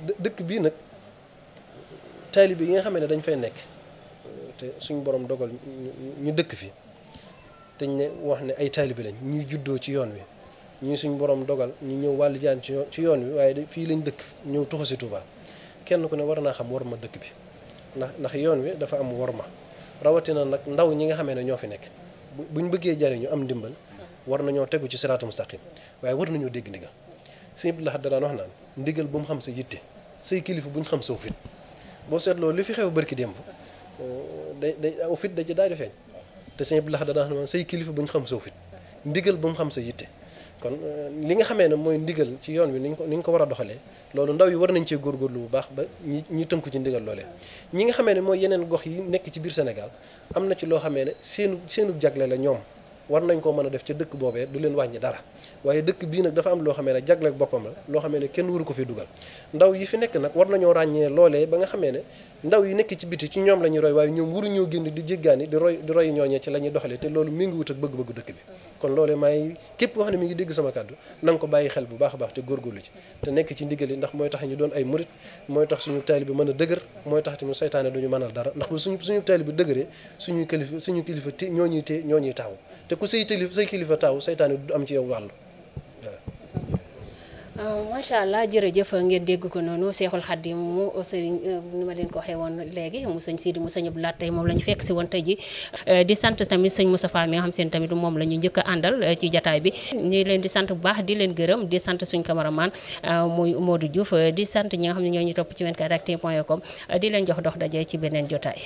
dëkk bii nag taalibe yi nga xam ne dañ fay nekk te suñ borom dogal ñu dëkk fi te ñu ne wax ne ay taalibe lañ ñuy juddoo ci yoon wi ñuy suñu borom dogal ñu ñëw wàllu jaan ci yoon wi waaye fii lañ dëkk ñëw tuxu si Touba kenn ku ne war naa xam war ma dëkk bi ndax ndax yoon wi dafa am war ma rawatina nag ndaw ñi nga xamee ne ñoo fi nekk bu buñ bëggee ñu am ndimbal war nañoo tegu ci siraatum mustaqim waaye war nañoo dégg nga sëñ Abdou Lahad danaan wax naan ndigal bu mu xam sa yitte say kilifa bu ñu xam saw fit boo seetloo li fi xew bërki démb euh, day day aw fit da ci daay di feeñ te sëñ Abdou Lahad danaan wax kilifa bu ñu xam saw fit ndigal bu mu xam sa yitte kon euh, li nga xamee ne mooy ndigal ci yoon wi ni ñu ko ni ñu ko war a doxalee loolu ndaw yi war nañ cee góorgóorlu bu baax ba ñi ñi tënku ci ndigal loolee ñi nga xamee ne mooy yeneen gox yi nekk ci biir senegal am na ci loo xamee ne seenu seenu jagle la ñoom war nañ koo mën a def ca dëkk boobee du leen wàññi dara waaye dëkk bii nag dafa am loo xamee ne jagleeg boppam la loo xamee ne kenn wuru ko fi dugal ndaw yi fi nekk nag war nañoo ràññee loolee ba nga xamee ne ndaw yi nekk ci biti ci ñoom la ñuy roy waaye ñoom wuru ñoo génn di jéggaani di roy di roy ñooñee ci la ñuy doxalee te loolu mi ngi wut ak bëgg-bëggu dëkk bi kon loolee maay képp wax ne mi ngi dégg sama kàddu na ko bàyyi xel bu baax a baax te góorgóorlu ci te nekk ci ndigal yi ndax mooy tax ñu doon ay murit mooy tax suñu taalibe mën a dëgër mooy tax tamit saytaane duñu mënal dara ndax bu suñu suñu taalibe dëgëree suñuy kilifa suñu kilifa té ñoo ñuy té ñoo ñuy taawu te ku say tëli say kilifa taw seytaane du am ci yow wàll euh, macha allah jërëjëf ngeen dégg ko noonu Seexul Xaddim mu euh, sëriñ euh, ni ma leen ko waxee woon léegi mu sëñ Sidi mu sëñ Abdou laat tey moom la ñu fekk si woon tey ji di sant tamit sëñ Moustapha mi nga xam seen tamit moom la ñu njëkk a àndal ci jataay bi ñu leen di sant bu baax di leen gërëm di sant suñ cameraman moo Modou Diouf di sant ñi nga xam ne ñoo ñu topp ci 24actu point com di leen jox dox daje ci beneen jotaay